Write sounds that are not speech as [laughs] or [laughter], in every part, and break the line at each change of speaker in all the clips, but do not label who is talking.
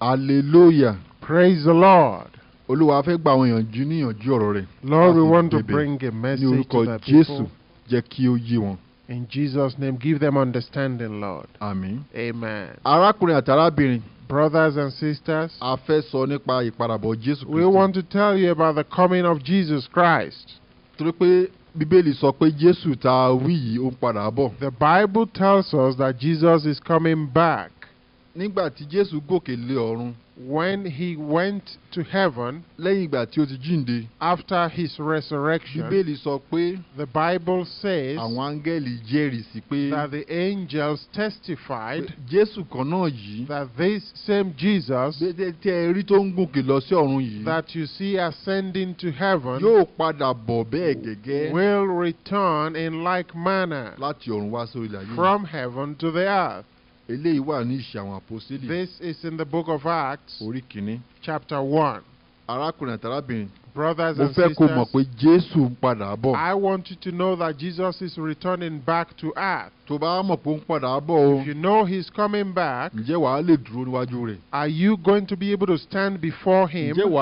hallelujah. praise the lord. olúwa fẹ́ gba àwọn ìyànjú ọ̀rọ̀ rẹ̀. lord we want to bring a message to the people. ní orúkọ jésù jẹ́ kí ó yé wọn. in jesus name give them understanding lord. Amen. amen. arákùnrin àti arábìnrin. Brothers and sisters, a fẹ́ sọ nípa Jésù Kristi. We want to tell you about the coming of Jesus Christ. Torí pé Bíbélì sọ pé Jésù tá wí yìí ó ń padà bọ̀. The Bible tells us that Jesus is coming back nígbà tí Jésù gòkè lé ọ̀run. When he went to heaven. Lẹ́yìn ìgbà tí ó ti jíǹde. After his resurrection. Bíbélì sọ pé. The Bible says. Àwọn áńgẹ́lì pé. That the angels testified. Jésù kan náà yìí. That this same Jesus. Tí ẹ rí tó ń gòkè lọ sí ọ̀run yìí. That you see ascending to heaven. Yóò padà bọ̀ bẹ́ẹ̀ gẹ́gẹ́. Will return in like manner. Láti ọ̀run wá sórí ilẹ̀ ayé. From heaven to the earth eléyìí wà ní ìṣe àwọn this is in the book of Acts. orí kìíní. chapter one. arákùnrin Brothers and sisters, I want you to know that Jesus is returning back to earth. If you know he's coming back, are you going to be able to stand before him? Can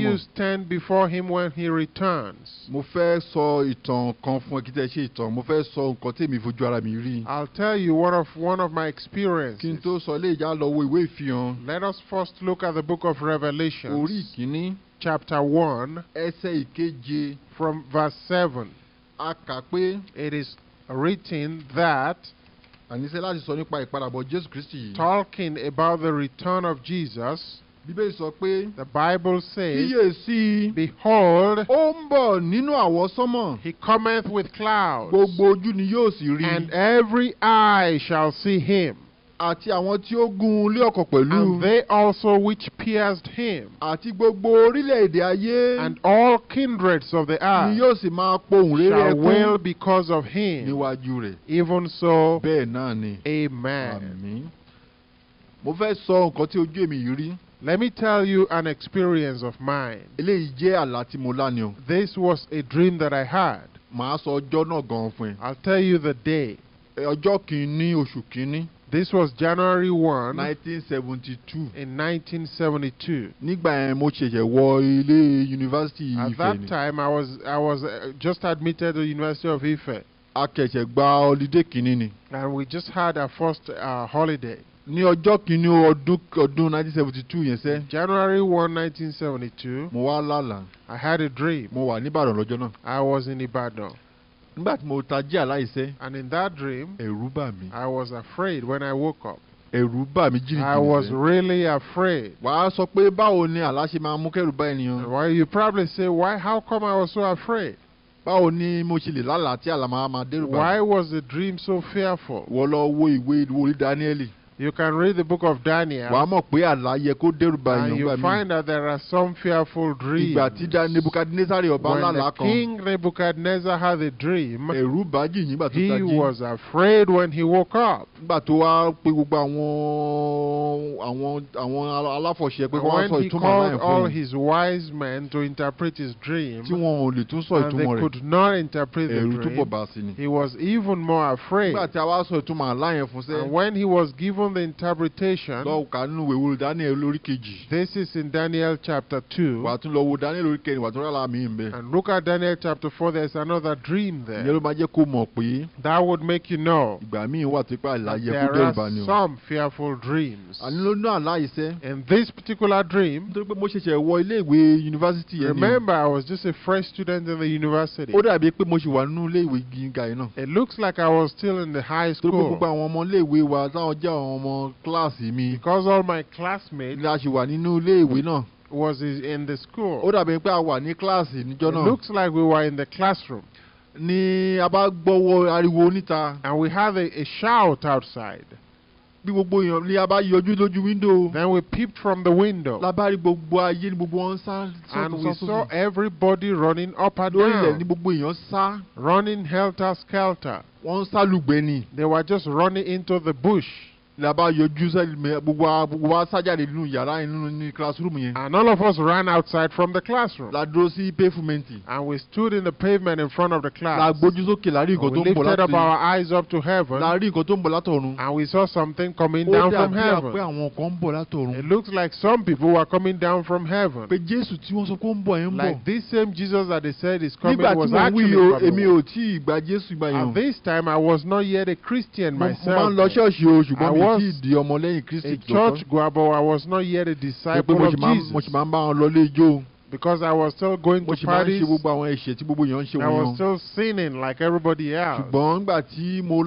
you stand before him when he returns? I'll tell you one of, one of my experiences. Let us first look at the book of Revelation chapter one ẹsẹ̀ ìkeje from verse seven. it is written that. and Àníṣe láti sọ nípa ìpadàbọ̀ about Kristi yìí. Talking about the return of Jesus. Bíbélì sọ pé. The Bible says. Kíyèsí. Behold. Ó bọ̀ nínú àwọsánmọ̀. He cometh with clouds. Gbogbo ojú ni And every eye shall see him àti àwọn tí ó gun pẹ̀lú. and they also which pierced him. àti gbogbo orílẹ̀-èdè ayé. and all kindreds of the earth. ni yóò sì máa pohùn réré ẹkún. shall well because of him. níwájú rẹ̀. even so. bẹ́ẹ̀ náà ni. amen. mo fẹ́ sọ nǹkan tí ojú èmi yìí rí. Let me tell you an experience of mine. Eléyìí jẹ́ àlá tí mo lá ni o. This was a dream that I had. Màá sọ ọjọ́ náà gan-an fún ẹ. I'll tell you the day. Ọjọ́ kìíní oṣù kìíní. This was January 1, 1972. In 1972. Nígbà yẹn mo ṣẹ̀ṣẹ̀ At that time I was I was uh, just admitted to the University of Ife. A kẹ̀ṣẹ̀ holiday kinini. And we just had our first uh, holiday. Ní ọjọ́ kìíní ọdún ọdún 1972 yẹn sẹ́. January 1, 1972. Mo wá lálàá. I had a dream. Mo wà ní lọ́jọ́ náà. I was in Ìbàdàn nígbà tí mo tají aláìsẹ́. and in that dream. ẹ̀rù bà mí. I was afraid when I woke up. ẹ̀rù bà mí jìnnìjìnnì. I was really afraid. wà sọ pé báwo ni àlá ṣe máa mú kẹ́rù bá ènìyàn. well you probably say why how come I was so afraid. báwo ni mo ṣe lè lálàá tí àlá máa máa dẹ́rù bà why was the dream so fearful. wọ́n lọ wo ìwé ìwòrí Dáníẹ́lì. You can read the book of Daniel. And you find that there are some fearful dreams. Ìgbà tí King Nebuchadnezzar had a dream. He was afraid when he woke up. When he called all his wise men to interpret his dream. And they could not interpret the dream. He was even more afraid. And when he was given given the interpretation. lọ kà nínú ìwé Daniel lórí kejì. this is in Daniel chapter two. wà á tún lọ wo Daniel lórí wà á tún and look at Daniel chapter four there is another dream there. jẹ́ kó mọ̀ pé. that would make you know. ìgbà míì wà tó àlàyé kú there are some fearful dreams. àní ló in this particular dream. nítorí pé mo ṣẹ̀ṣẹ̀ wọ ilé ìwé yunifásitì yẹn ni. remember I was just a fresh student in the university. ó dàbí pé mo ṣì wà nínú ilé ìwé gíga náà. it looks like I was still in the high school. nítorí pé gbogbo àwọn ọmọ ilé ìwé wa táwọn jẹ́ àwọn ọmọ mi. because all my classmates. la ṣì wà nínú ilé ìwé náà. was in the school. ó dàbí pé a wà ní níjọ́ náà. it looks like we were in the classroom. ni a bá gbọ́wọ́ ariwo níta. and we have a, a shout outside. bí gbogbo èèyàn ni a bá yọjú lójú window. then we peeped from the window. gbogbo ayé ni gbogbo wọn sá. and we saw everybody running up and down. ni gbogbo èèyàn sá. running helter skelter. wọ́n ni. they were just running into the bush laba yọjú gbogbo wa sájáde nínú yàrá nínú ní classroom yẹn. and all of us ran outside from the classroom. la dúró sí pavement. and we stood in the pavement in front of the class. la gbójú sókè tó ń bọ̀ láti. we lifted up our eyes up to heaven. tó ń bọ̀ and we saw something coming down from heaven. ó dàbí àpé àwọn kan ń bọ̀ it looks like some people were coming down from heaven. pé Jésù tí wọ́n sọ pé ó ń bọ̀ yẹn ń bọ̀. like this same Jesus that they said is coming was actually from heaven. nígbà tí mo wí at this time I was not yet a Christian myself was a church goer, I was not yet a disciple of Jesus. Because I was still going to parties. I was still sinning like everybody else. But in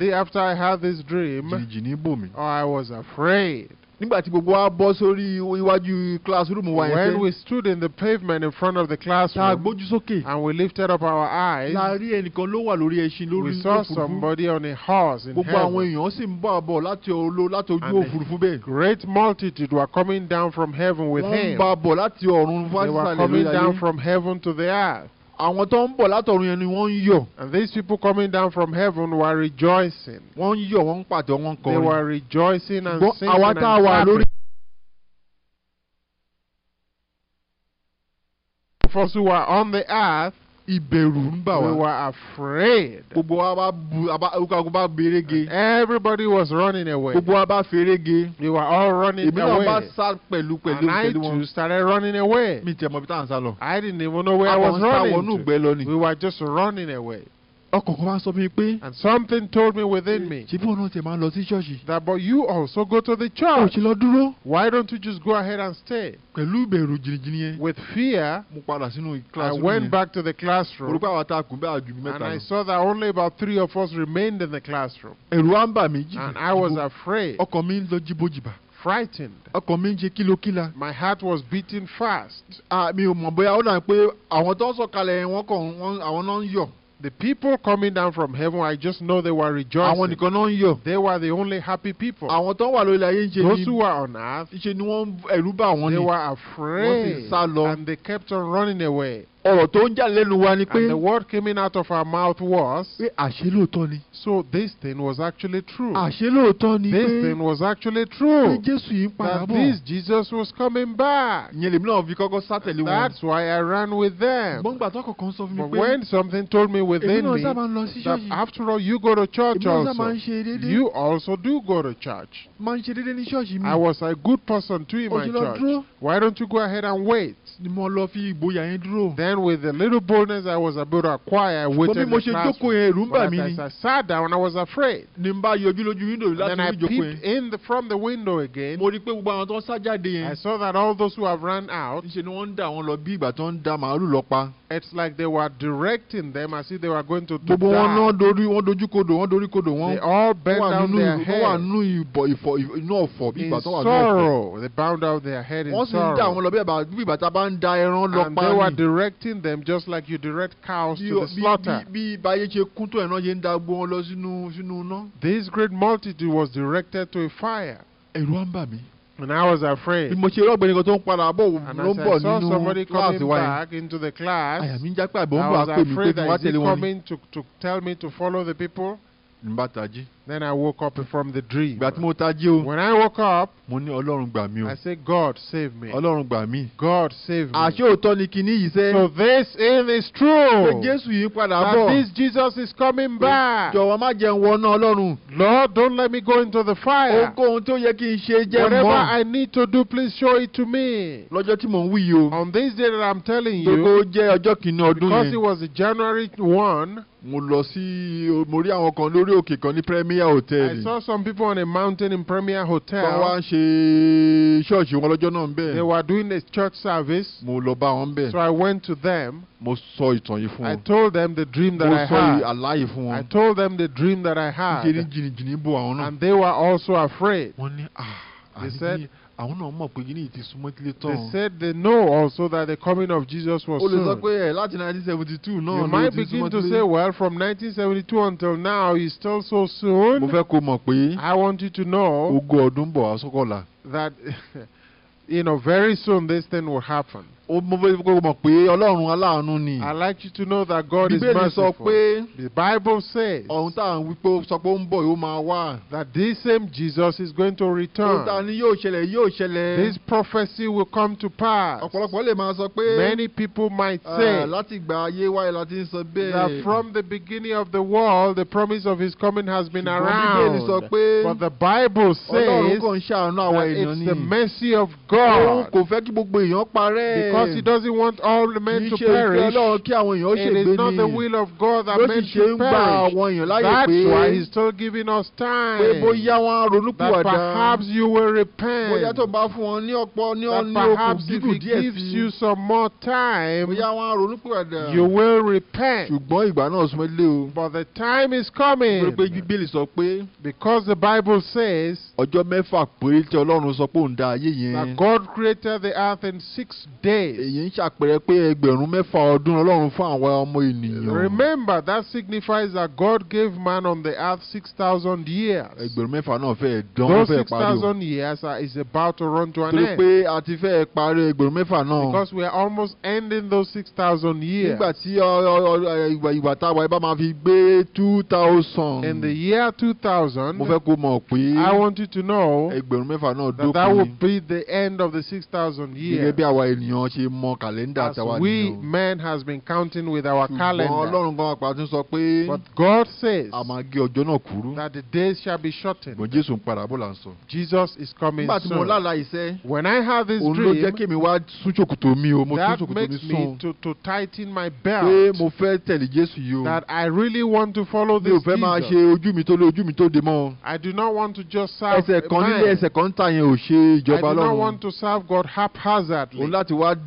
the after I had this dream, oh, I was afraid gbogbo wa bọ́ sórí iwájú classroom wa when we stood in the pavement in front of the classroom. ta gbójú sókè. and we lifted up our eyes. la rí ẹnìkan ló wà lórí ẹṣin lórí òfurufú. we saw somebody on a horse in heaven. gbogbo àwọn èèyàn sì ń bọ̀ bọ̀ láti olo láti ojú òfurufú bẹ́ẹ̀. great multitude were coming down from heaven with him. wọ́n ń bọ̀ láti ọ̀run fásitì ayé. they were coming down from heaven to the earth àwọn tó ń bọ̀ látọ̀run yẹn ni wọ́n ń yọ̀. and these people coming down from heaven were rejoicing. wọ́n ń yọ̀ wọ́n ń pàtẹ wọ́n kọrin. they were rejoicing and singing and clapping. àwa tá a wà lórí. of us who are on the earth. ìbẹ̀rù ń bà wá. we were afraid. gbogbo wa bá bu àbá bá berege. everybody was running away. gbogbo wa bá ferege. we were all running away. èmi náà bá sá pẹ̀lú pẹ̀lú pẹ̀lú wọn. and I too started running away. mi tẹ̀ mọ̀ bí táwọn sá lọ. I didn't even know where I was running to. àwọn sá wọnú ìgbẹ́ lọ ni. we were just running away. and something told me within me. that but you also go to the church. why don't you just go ahead and stay. with fear. I went back to the classroom. and I saw that only about three of us remained in the classroom. mí and I was afraid. frightened. my heart was beating fast. Ah, tó the people coming down from heaven I just know they were rejoicing. they were the only happy people. those who were on earth. they were afraid. and they kept on running away ọ̀rọ̀ tó ń lẹ́nu wa ni pé. and the word coming out of our mouth was. pé àṣé ni. so this thing was actually true. àṣé ni pé. this thing was actually true. pé Jésù yìí ń padà bọ̀. that this Jesus was coming back. ìyẹn lèmi náà fi kọ́kọ́ sátẹ̀lé wọn. that's why I ran with them. gbọ́ngbà tó kọ̀ọ̀kan sọ fún mi pé. but when something told me within me. èmi náà sábà ń lọ sí ṣọ́ọ̀ṣì. that after all you go to church also. èmi náà sábà ń ṣe déédéé. you also do go to church. máa ń ṣe déédéé ní ṣọ́ọ̀ṣì mi. I was a good person too in my church. why don't you go ahead and wait. ni mo lọ fi ìgboyà yẹn dúró. then even with the little boldness I was about to acquire, I waited in the classroom. But as I sat down, I was afraid. And then I peeped in the, from the window again. I saw that all those who have run out, it's like they were directing them as if they were going to, die. They all bent down their head in sorrow. They bound down their head in sorrow. And they were direct directing them just like you direct cows to the slaughter. this great multitude was directed to a fire. And I was afraid. Bí mo ṣe rí ọ̀gbẹ́ni kan tó ń padà bọ̀ I was afraid that he is coming to, to tell me to follow the people. Then I woke up from the dream. When I woke up, I said, God save me. God save me. So this is true. That this Jesus is coming back. Lord, don't let me go into the fire. Whatever I need to do, please show it to me. On this day that I'm telling you, because it was January 1 mo lọ sí mo rí àwọn kan lórí òkè kan ní premier hotel. I saw some people on a mountain in premier hotel. wọ́n wá ń ṣe ṣọ́ọ̀ṣì wọn lọ́jọ́ náà ń bẹ̀. they were doing a church service. mo lọ bá wọn bẹ̀. so I went to them. mo sọ ìtàn yìí fún wọn. I told them the dream that mo I had. mo sọ àlá yìí fún wọn. I told them the dream that I had. bò àwọn náà. and they were also afraid. wọ́n ní ah. They said, they said they know also that the coming of Jesus was soon. Eh, you might begin to say, well, from 1972 until now, it's still so soon. I want you to know that, [laughs] you know, very soon this thing will happen. I like you to know that God is merciful. the Bible says. that this same Jesus is going to return. this prophecy will come to pass. many people might ah, say. sọ that from the beginning of the world the promise of his coming has been around. but the Bible says. that it's the mercy of God. because because he doesn't want all the men to perish. It is not the will of God that men should perish. That's why he's still giving us time. That perhaps you will repent. That perhaps if he gives you some more time, you will repent. But the time is coming. Because the Bible says that God created the earth in six days. Remember, that signifies that God gave man on the earth 6,000 years. Those 6,000 years are, is about to run to an end. Because we are almost ending those 6,000 years. In the year 2000, I want you to know that that will be the end of the 6,000 years as we men has been counting with our calendar. but God says. kúrú. that the days shall be shortened. Jesus is coming soon. when I have this dream. that makes me to to tighten my belt. that I really want to follow this Jesus. I do not want to just serve. I do not want to serve God haphazardly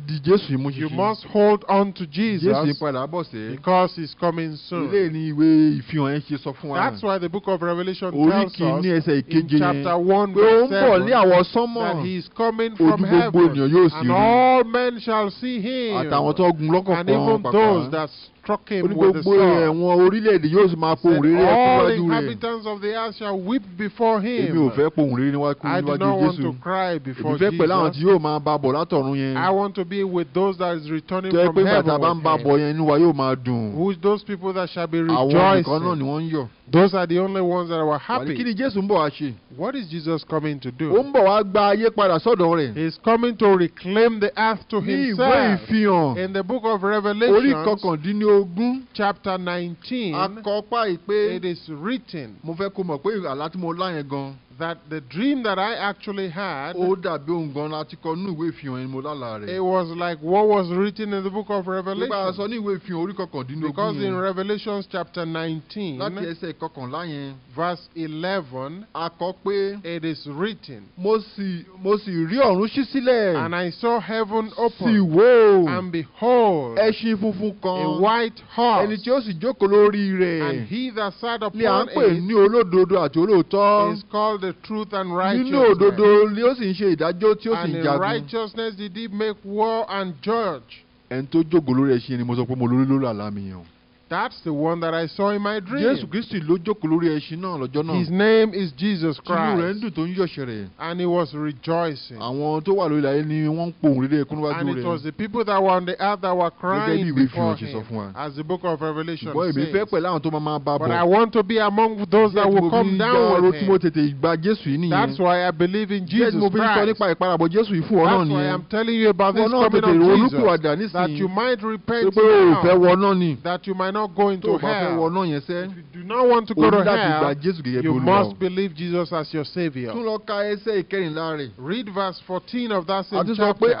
di Jésù you must hold on to Jesus. Jésù bọ̀ because he is coming soon. ilé ní ìwé ìfihàn yẹn ṣe sọ fún wa. that's why the book of Revelation tells us in chapter one verse seven. pé ó ń that he is coming from heaven. ojú gbogbo ènìyàn yóò sì rí. and all men shall see him. àtàwọn tó gun lọ́kọ̀ọ̀kan pàpà. and even those that with sword. all inhabitants of the earth shall weep before him. I do not want to cry before Jesus. I want to be with those that is returning from heaven with him. who is those people that shall be rejoicing. Those are the only ones that were happy. What is Jesus coming to do? He's He is coming to reclaim the earth to himself. In the book of Revelation. ogún chapter nineteen. akọ́pá ìpè. it is written. mo fẹ́ kó mọ̀ pé àlá tí mo lá gan. that the dream that I actually had. it was like what was written in the book of Revelation. because in Revelations chapter nineteen. verse eleven. it is written. and I saw heaven open. and behold. a white horse. and he that sat upon it is called the truth and righteousness. And in righteousness did he make war and judge. Ẹni tó jókòó lórí ẹṣin ni mo sọ pé mo lórí lórí àlá mi that's the one that I saw in my dream. Jésù ló jókòó lórí ẹṣin náà lọ́jọ́ náà. His name is Jesus Christ. rẹ̀ ń dùn tó ń yọ̀ṣẹ̀ rẹ̀. And he was rejoicing. Àwọn tó wà lórí ilẹ̀ ni wọ́n ń kúnú wájú rẹ̀. And it was the people that were on the earth that were crying before him. As the book of Revelation says. fẹ́ pẹ̀lú àwọn tó máa máa bá bọ̀. But I want to be among those that will come down with him. That's why I believe in Jesus Christ. That's why I'm telling you about this coming of Jesus. That you might repent now. That you might not not going to hell, if you do not want to go to hell, you must believe Jesus as your saviour. read verse fourteen of that same chapter.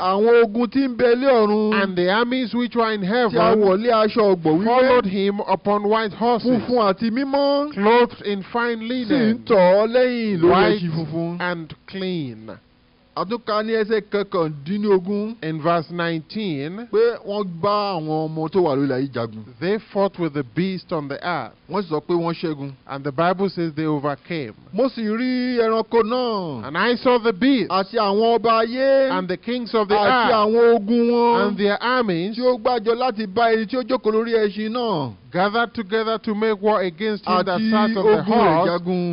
and the armies which were in heaven. followed him upon white horses. clothed in fine linen. white and clean. àtúnká ní ẹsẹ̀ kọkàndínlógún and verse nineteen pé wọ́n bá àwọn ọmọ tó wà lórí ayé jagun. they fought with the beast on the earth. wọ́n sì sọ pé wọ́n ṣẹ́gun. and the bible says they overcame. mo sì rí ẹranko náà. and I saw the beast. àti àwọn ọba ayé. and the kings of the earth. àti àwọn ogun wọn. and their armies. tí ó gbàjọ láti bá ẹni tí ó jókòó lórí ẹṣin náà. gathered together to make war against him that sat on the horse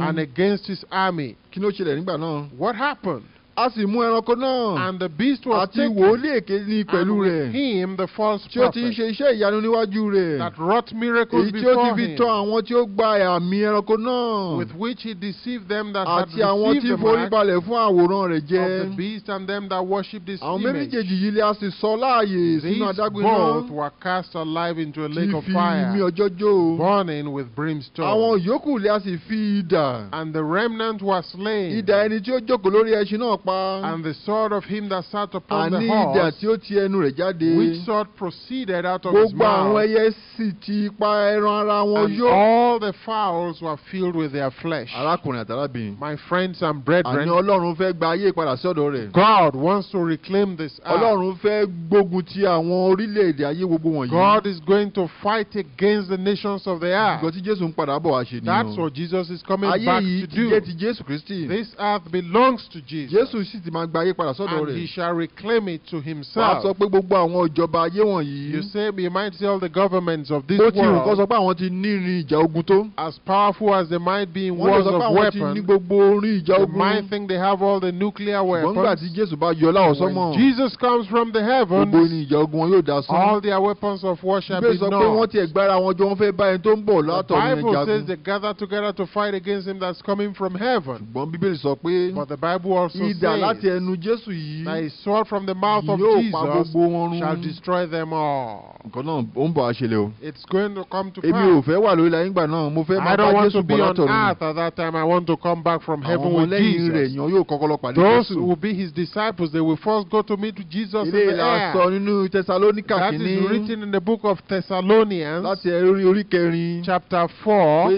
and against his army. kí ló ṣẹlẹ̀ nígbà náà. what happened? a sì mú ẹranko náà. and the beast was taken. àti wòlíì èké ni pẹ̀lú rẹ̀. and with him the false prophet. tí ó ti ń ṣe iṣẹ́ ìyanu níwájú rẹ̀. that wrought miracles before him. èyí tí ó ti fi tọ́ àwọn tí ó gba àmì ẹranko náà. with which he deceived them that had received the mark. àti àwọn tí forí fún àwòrán rẹ̀ jẹ. of the beast and them that worshipped his image. àwọn méjèèjì yìí ni a sì sọ láàyè sínú adágún náà. these both were cast alive into a lake of fire. ti fi mi ọjọ́ jó. burning with brimstone. àwọn yòókù ni a sì fi idà. and the remnant were slain. idà ẹni tí ó jókòó lórí ẹṣin náà and the sword of him that sat upon the horse. Which sword proceeded out of his mouth. And all the fowls were filled with their flesh. My friends and brethren. God wants to reclaim this earth. God is going to fight against the nations of the earth. That's what Jesus is coming back to do. This earth belongs to Jesus. Jésù sì ti máa gba ayé padà sọ́dọ̀ rẹ̀. and he shall reclaim it to himself. wàá sọ pé gbogbo àwọn ìjọba ayé wọ̀nyí. you say you might tell the governments of this world. ó ti rùn kó sọ pé àwọn ti ní irin ìjà ogun tó. as powerful as they might be in wars of weapons. wọ́n sọ pé àwọn ti ní gbogbo orin ìjà ogun. they might think they have all the nuclear weapons. tí Jésù bá yọ láwọ̀ sọ́mọ̀. when Jesus comes from the heaven. gbogbo irin ìjà ogun wọn yóò dá sún. all their weapons of war shall be known. the Bible says they gather together to fight against him that's coming from heaven. sọ pé. but the Bible also ìdà láti ẹnu sword from the mouth of Jesus. Shall destroy them all. It's going to come to pass. I don't want to be on earth at that time, I want to come back from heaven with Jesus. Those who will be his disciples, they will first go to meet Jesus in the air. That is written in the book of Thessalonians. Chapter four.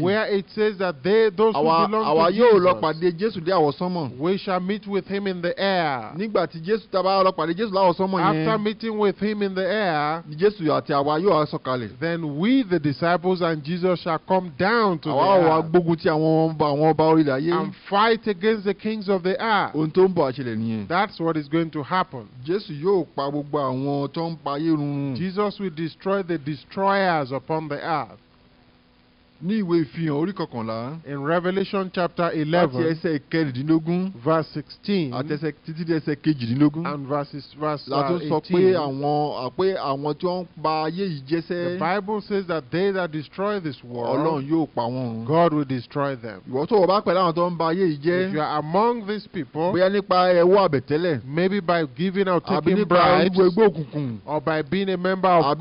Where it says that they those who belong to Jesus pàdé Jésù dé àwọsánmọ̀. we shall meet with him in the air. nígbà tí Jésù tàbá pàdé Jésù láwọsánmọ̀ yẹn. after meeting with him in the air. Jésù àti àwa yóò then we the disciples and Jesus shall come down to the earth. àwa wà gbógun ti àwọn ọba àwọn ọba orílẹ̀ ayé. and fight against the kings of the earth. ohun tó ń bọ̀ àṣẹlẹ̀ nìyẹn. that's what is going to happen. Jésù yóò pa gbogbo àwọn tó ń pa ayé run. Jesus will destroy the destroyers upon the earth. ní ìwé ìfihàn orí kọkànlá. in Revelation chapter eleven. láti ẹsẹ̀ kẹrìndínlógún. verse sixteen. àti ẹsẹ̀ títí di ẹsẹ̀ kejìdínlógún. and verses verse eighteen. Uh, látún sọ pé àwọn pé àwọn tí wọ́n pa ayé yìí jẹ́sẹ́. the Bible says that they that destroy this world. Ọlọ́run yóò pa wọ́n. God will destroy them. ìwọ tó o bá pẹ̀lú àwọn tó ń ba ayé yìí jẹ́. if you are among these people. bóyá nípa ẹ̀wọ́ àbẹ̀tẹ́lẹ̀. maybe by giving out taking bribes. àbí nípa ẹgbẹ́ òkùnkùn. or by being a member of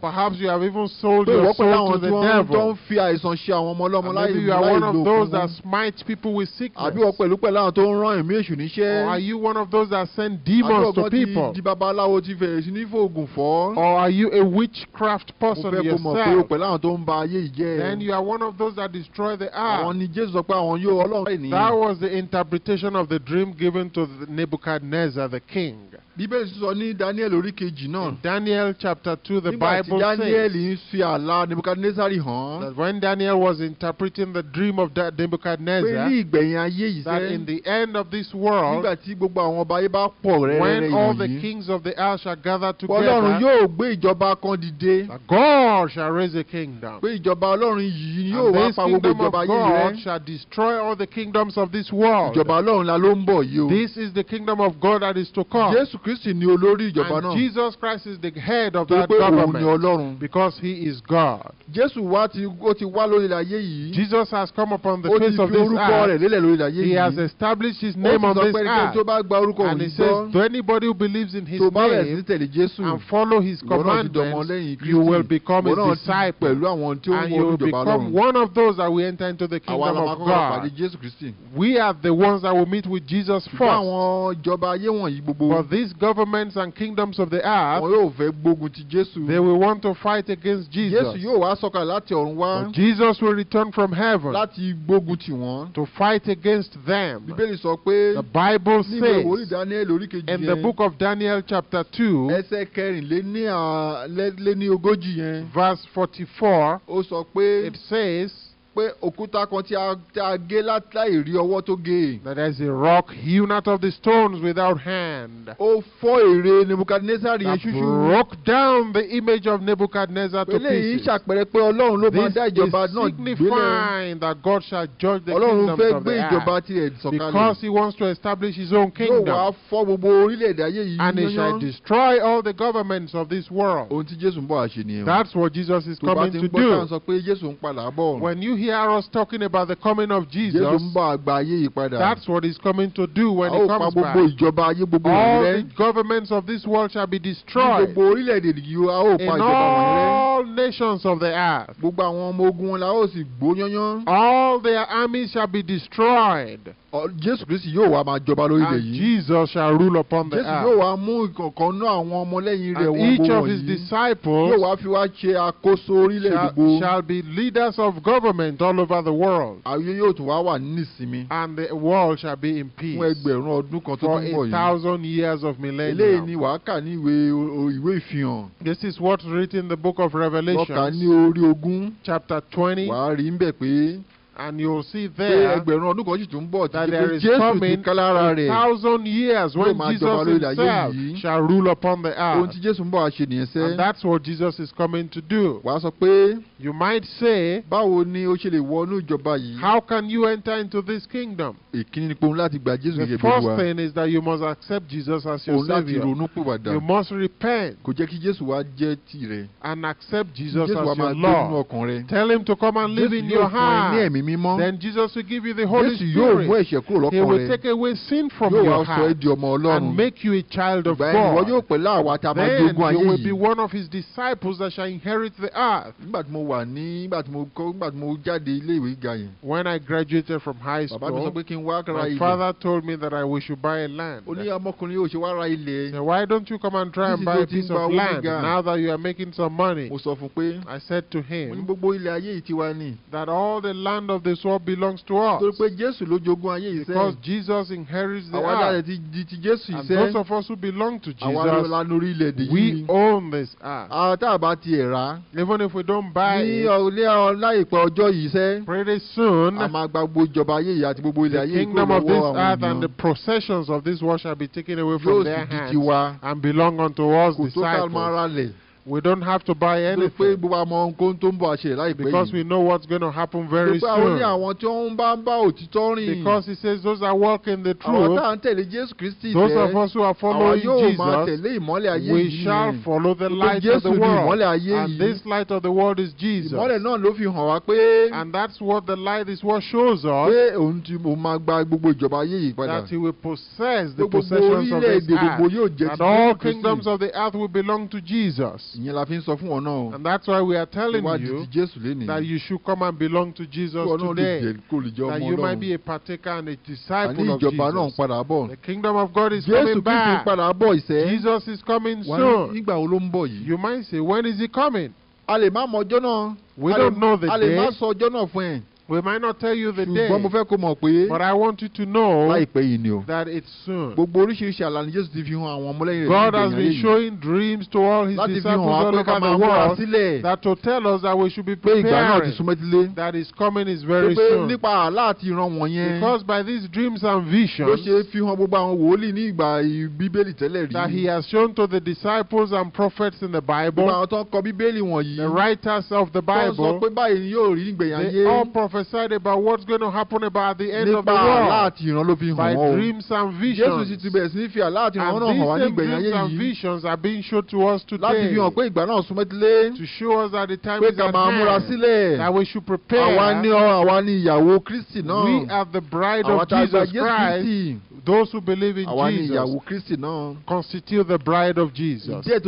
perhaps you have even sold your to the devil. àìsàn ṣe àwọn ọmọ ọlọ́mọ láì maybe you are one of those that smite people with sickness. àbí pẹ̀lú pẹ̀lú àwọn tó ń rán ẹ̀mí èṣù níṣẹ́. or are you one of those that send demons to people. àbí ti di babaláwo ti fẹ̀rẹ̀ sí ní fọ́. or are you a witchcraft person yourself. mo fẹ́ kó mọ̀ pé o pẹ̀lú àwọn tó ń ba ayé ìjẹ́. then you are one of those that destroy the earth. àwọn ni Jésù sọ pé àwọn yóò Ọlọ́run. that was the interpretation of the dream given to Nebuchadnezzar the king bíbélì sọ ní daniel orí kejì náà. daniel chapter two the bible says. nígbà tí daniel ń fi àlá nebuchadnezzar hàn. that when daniel was interpreting the dream of nebuchadnezzar. pé ní ìgbẹ̀yìn ayé yìí sẹ́. that in the end of this world. nígbà tí gbogbo àwọn ọba ayé bá pọ̀ rẹ́rẹ́ yìí. when all the kings of the earth shall gather together. ọlọ́run yóò gbé ìjọba kan dìde. that God shall raise a kingdom. pé ìjọba ọlọ́run yìí yóò wá pa gbogbo ìjọba rẹ. and this kingdom of God shall destroy all the kingdoms of this world. ìjọba ọlọ́run la ló ń bọ̀ yìí o. this is the kingdom of God that is to come. Kristi ni olórí ìjọba náà. and Jesus Christ is the head of that government. torí pé òun ni Ọlọ́run. because he is God. Jésù wá ti ó ti wá lórí yìí. Jesus has come upon the face of this earth. ó ti fi orúkọ rẹ̀ lélẹ̀ lórí yìí. he has established his name on this earth. ó ti sọ pé tó bá gba orúkọ òun gbọ́. and he says to anybody who believes in his name. tó bá rẹ̀ sí tẹ̀lé Jésù. and follow his commandments you will become a disciple. pẹ̀lú àwọn tí wọ and you will become one of those that will enter into the kingdom of God. we are the ones that will meet with Jesus first. àwọn ìjọba ayé wọ̀nyí gbogbo. for this governments and kingdoms of the earth. They will want to fight against Jesus. láti But Jesus will return from heaven. To fight against them. The Bible says. In the book of Daniel chapter two. Verse forty-four. It says pé òkúta kan tí a tí a gé rí ọwọ́ tó gé. that is a rock hewn out of the stones without hand. ó fọ́ ère Nebuchadnezzar yẹn ṣúṣú. that broke down the image of Nebuchadnezzar to pieces. not ṣàpẹẹrẹ pé Ọlọ́run ló máa dá ìjọba náà gbélé. this signifying that God shall judge the kingdoms of the earth. Ọlọ́run fẹ́ gbé ìjọba sọ̀kalẹ̀. because he wants to establish his own kingdom. yóò wá fọ́ gbogbo orílẹ̀-èdè ayé yìí. and he shall destroy all the governments of this world. ohun tí Jésù ń bọ̀ àṣẹ that's what Jesus is coming to do. when you hear hear us talking about the coming of Jesus, that's what he's coming to do when he comes back. All the governments of this world shall be destroyed. In all all nations of the earth. Gbogbo àwọn ọmọ ogun la ó sì gbó yányán. All their armies shall be destroyed. Jésù Kristi yóò wá máa jọba lórí ilẹ̀ yìí. And Jesus shall rule upon the earth. Jésù yóò wá mú ìkọ̀kan náà àwọn ọmọlẹ́yìn rẹ̀ wọ́n wọ̀nyí. And each of his disciples. Yóò wá fi wá ṣe àkóso orílẹ̀ Shall be leaders of government all over the world. yóò tún wá wà nísìmí. And the world shall be in peace. Fún ẹgbẹ̀rún ọdún kan tó bọ̀ yìí. For a thousand years of millennium. Eléyìí ni wàá kà ní ìwé ìfihàn. This is what's written in the book of Revelation revelation chapter 20 and you will see there that there is coming a thousand years when Jesus himself shall rule upon the earth. And that's what Jesus is coming to do. You might say, How can you enter into this kingdom? The first thing is that you must accept Jesus as your Savior. You must repent and accept Jesus as your Lord. Tell Him to come and live in your heart mímọ́. Then Jesus will give you the Holy Spirit. yóò mú ẹ̀ṣẹ̀ kúrò lọ́kàn rẹ. He will take away sin from your heart. Yóò wá sọ ọmọ Ọlọ́run. And make you a child of God. Ìgbà ìwọ yóò pẹ̀lú àwọn atamájogún ayé yìí. Then you will be one of his disciples that shall inherit the earth. Nígbà tí mo wà ní nígbà tí mo kọ́ nígbà tí mo jáde ilé ìwé gíga yẹn. When I graduated from high school. Bàbá mi sọ pé kí n wá ra ilẹ̀. My father told me that I we should buy a land. Ó ní ọmọkùnrin yóò ṣe wá ra ilẹ̀. So why don't you come and try and buy a piece of land now that you are making some money? Mo sọ fún pé. I said to him. Mo ní gbogbo ilẹ̀ ayé ni. That all the land of of this world belongs to us. because Jesus inherits the earth. and those of us who belong to Jesus. we own this earth. even if we don't buy it. pretty soon. the kingdom of this earth and the processions of this world shall be taken away from their hands. and belong unto us disciples. We don't have to buy anything. Because we know what's going to happen very soon. Because he says those are walking the truth, those of us who are following Jesus, we shall follow the light of the world. And this light of the world is Jesus. And that's what the light is what shows us that he will possess the possessions of this earth. That all kingdoms of the earth will belong to Jesus ìyẹn la fi ń sọ fún wọn náà. and that's why we are telling you that you should come and belong to Jesus today that you might be a partaker and a disciple of Jesus. àní ìjọba náà ń padà bọ̀. the kingdom of God is Jesus coming back. Jésù kìí padà bọ̀ ìṣẹ́. Jesus is coming soon. wà á nígbà wo ló ń bọ̀ yìí. you might say when is he coming. a lè má mọ ọjọ́ náà. we don't know the day. a lè má sọ ọjọ́ náà fún ẹ. We might not tell you the day. But I want you to know. that it's soon. God has been showing dreams to all his disciples all over the world. that to tell us that we should be preparing. that is coming is very soon. because by these dreams and visions. that he has shown to the disciples and prophets in the Bible. the writers of the Bible. they all prophets prophesied about what's going to happen about the end of the world by dreams and visions. And these same dreams and visions are being shown to us today to show us that the time is at hand that we should prepare. We are the bride of Jesus Christ those who believe in Jesus constitute the bride of Jesus. that's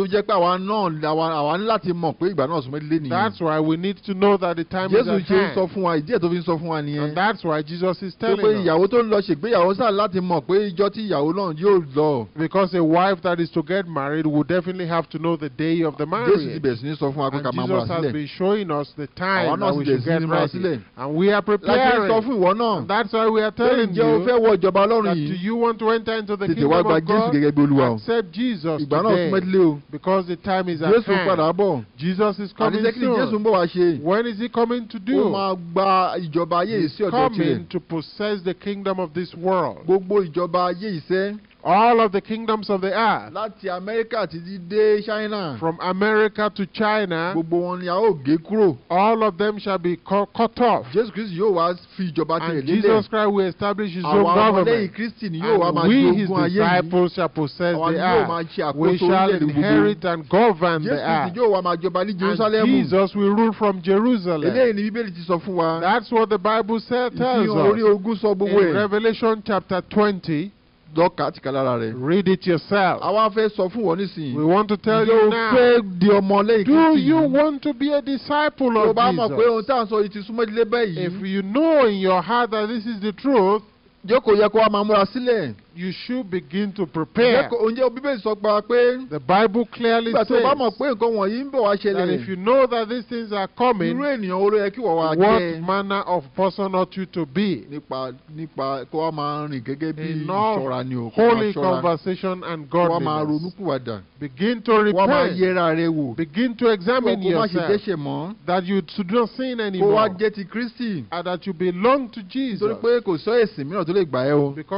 why we need to know that the time Jesus is at hand. and that's why Jesus is telling us. because a wife that is to get married will definitely have to know the day of the marriage. and Jesus has been showing us the time that we should get ready. and we are preparing. and that's why we are telling you. pé ǹjẹ́ you want to enter into the kingdom of God, God accept Jesus today because the time is at hand. Jesus is coming soon. When is he coming to do? He's coming to possess the kingdom of this world all of the kingdoms of the earth. láti America títí dé china. from America to China. gbogbo wọn ni a ó gé kúrò. all of them shall be cut off. Jésù Kristi yóò wá fi ìjọba tirẹ̀ and Jesus Christ will establish his own government. àwọn Kristi ni yóò wá máa jogún ayé yìí. and we his disciples shall possess the earth. we shall inherit and govern the earth. Jésù yóò wá máa jọba ní Jerusalem. and Jesus will rule from Jerusalem. eléyìí ni Bíbélì ti sọ fún wa. that's what the Bible says ìfihàn orí ogún sọ gbogbo ẹ̀. in Revelation chapter twenty rẹ̀. read it yourself. àwa fẹ́ sọ fún wọn nísìnyí. we want to tell you, you now. yóò fẹ́ di ọmọ lẹ́yìn do you want to be a disciple of Jesus. mọ̀ pé ohun tí à ń sọ yìí ti súnmọ́ ilé bẹ́ẹ̀ yìí. if you know in your heart that this is the truth. jókòó yẹ kó wa máa múra sílẹ̀ you should begin to prepare. the bible clearly says. gbàtọ́ that if you know that these things are coming. what manner of person ought you to be. In holy conversation and godliness. begin to repent. begin to examine yourself. that you should not sin anymore. and that you belong to Jesus. because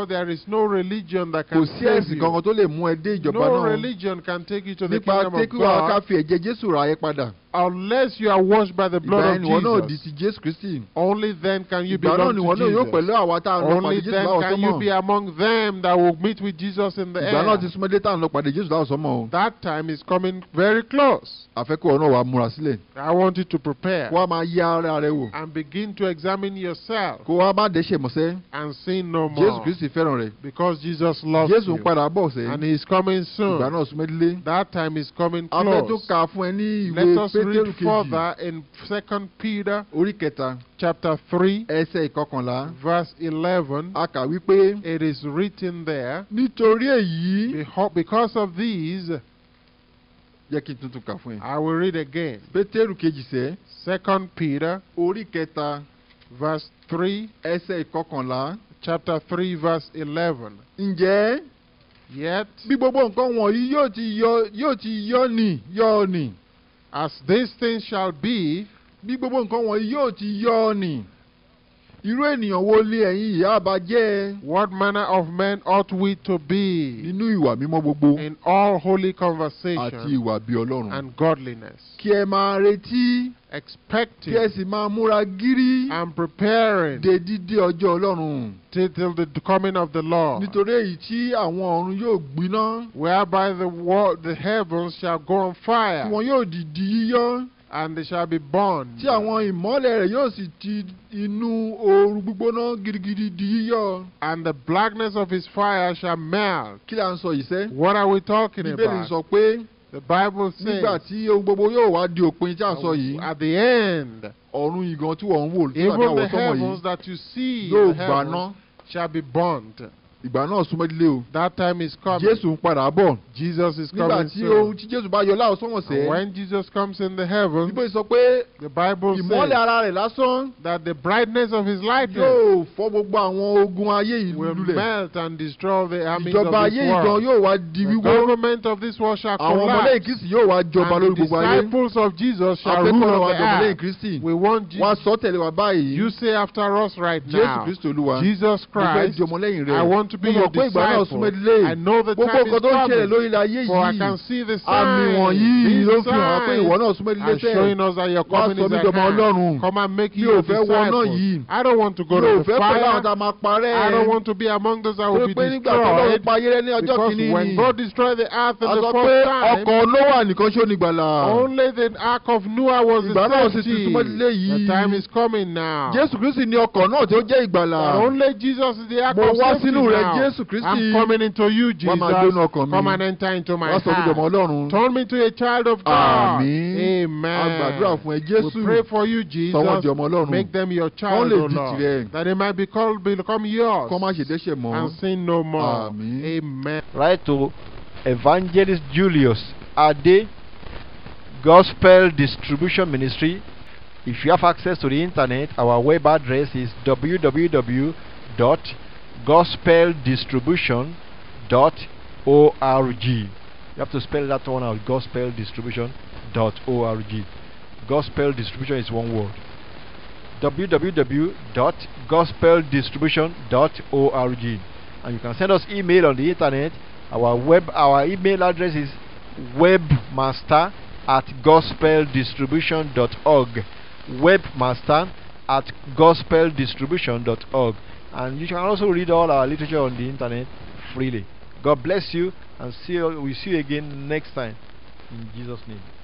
there is no religion religion that can kò you. tó no religion can take you to the kingdom of God. unless you are washed by the blood of Jesus. only then can you belong to Jesus. only then can you be among them that will meet with Jesus in the air. that time is coming very close. I want you to prepare. and begin to examine yourself. and sin no more. because because Jesus loves Jésù you. and he is coming soon. that time is coming close. tó let us read further in second Peter. chapter three. verse eleven. wípé. it is written there. nítorí because of these. I will read again. Pétérù kejì sẹ́. Second Peter. Orí Verse three. Ẹsẹ̀ chapter three verse eleven. ǹjẹ́. yet. bí gbogbo nǹkan wọ̀nyí yóò ti yọ yóò ti yọ ni yọ ni. as these things shall be. bí gbogbo nǹkan wọ̀nyí yóò ti yọ ni. irú ènìyàn wo lé ẹ̀yin àbá jẹ́. what manner of men ought we to be. nínú ìwà mímọ́ gbogbo. in all holy conversation. àti ìwà bí ọlọ́run. and godliness. kí ẹ máa retí. expecting. kí ẹ sì máa múra gírí. and preparing. de dídé ọjọ́ ọlọ́run. till the coming of the Lord. nítorí èyí tí àwọn ọ̀run yóò gbiná. whereby the world the heavens shall go on fire. wọn yóò yíyán and they shall be burned. tí àwọn ìmọ́lẹ̀ rẹ̀ yóò sì ti inú ooru gbígbóná gidigidi di yíyọ. and the blackness of his fire shall melt. kí la ń sọ yìí sẹ́. what are we talking about? bíbélì sọ pé. the bible says. nígbà tí ohun gbogbo yóò wá di òpin tí a sọ yìí. at the end. ọ̀run ìgan tí wọ́n ń wò. even the heavens that you see. yóò gbaná. shall be burned ìgbà náà súnmọ́ dílé o. that time is coming. Jésù ń padà bọ̀. Jesus is coming soon. nígbà tí ohun tí Jésù bá yọ láwọn sọ́wọ́n and when Jesus comes in the heaven. bíbélì sọ pé. the Bible says. ìmọ́lẹ̀ ara rẹ̀ lásán. that the brightness of his light. yóò fọ́ gbogbo àwọn ogun ayé yìí lulẹ̀. will melt and destroy the armies of this world. ìjọba ayé ìgan yóò wá di wíwó. the government of this world shall collapse. àwọn ọmọlẹ́yìn Kristi yóò wá jọba lórí gbogbo ayé. and the disciples of Jesus shall rule over the earth. we want Jesus. wá sọ tẹ̀lé wa so you say after us right now. Jesus Christ. I want to be your disciple. I know that time is coming. For I can see the signs. The signs are showing us that your coming is at hand. Come and make you a disciple. I don't want to go to the fire. I don't want to be among those that will be destroyed. Because when God destroyed the earth in the fourth time, only the ark of Noah was the safety. The time is coming now. Jésù Kristi ni ọkọ̀ Only Jesus is the ark of safety now. I'm coming into you, Jesus. Come and enter into my heart. Turn me to a child of God. Amen. Amen. We pray for you, Jesus. Make them your child, Lord. That they might be called, become yours. And sin no more. Amen. Right to Evangelist Julius Ade, Gospel Distribution Ministry. If you have access to the internet, our web address is www.gospeldistributionministry.com gospeldistribution.org. You have to spell that one out gospeldistribution.org. Gospel distribution is one word. www.gospeldistribution.org. And you can send us email on the internet. Our web our email address is webmaster at gospeldistribution.org. Webmaster at gospeldistribution.org and you can also read all our literature on the internet freely. God bless you and see you, we see you again next time in Jesus name.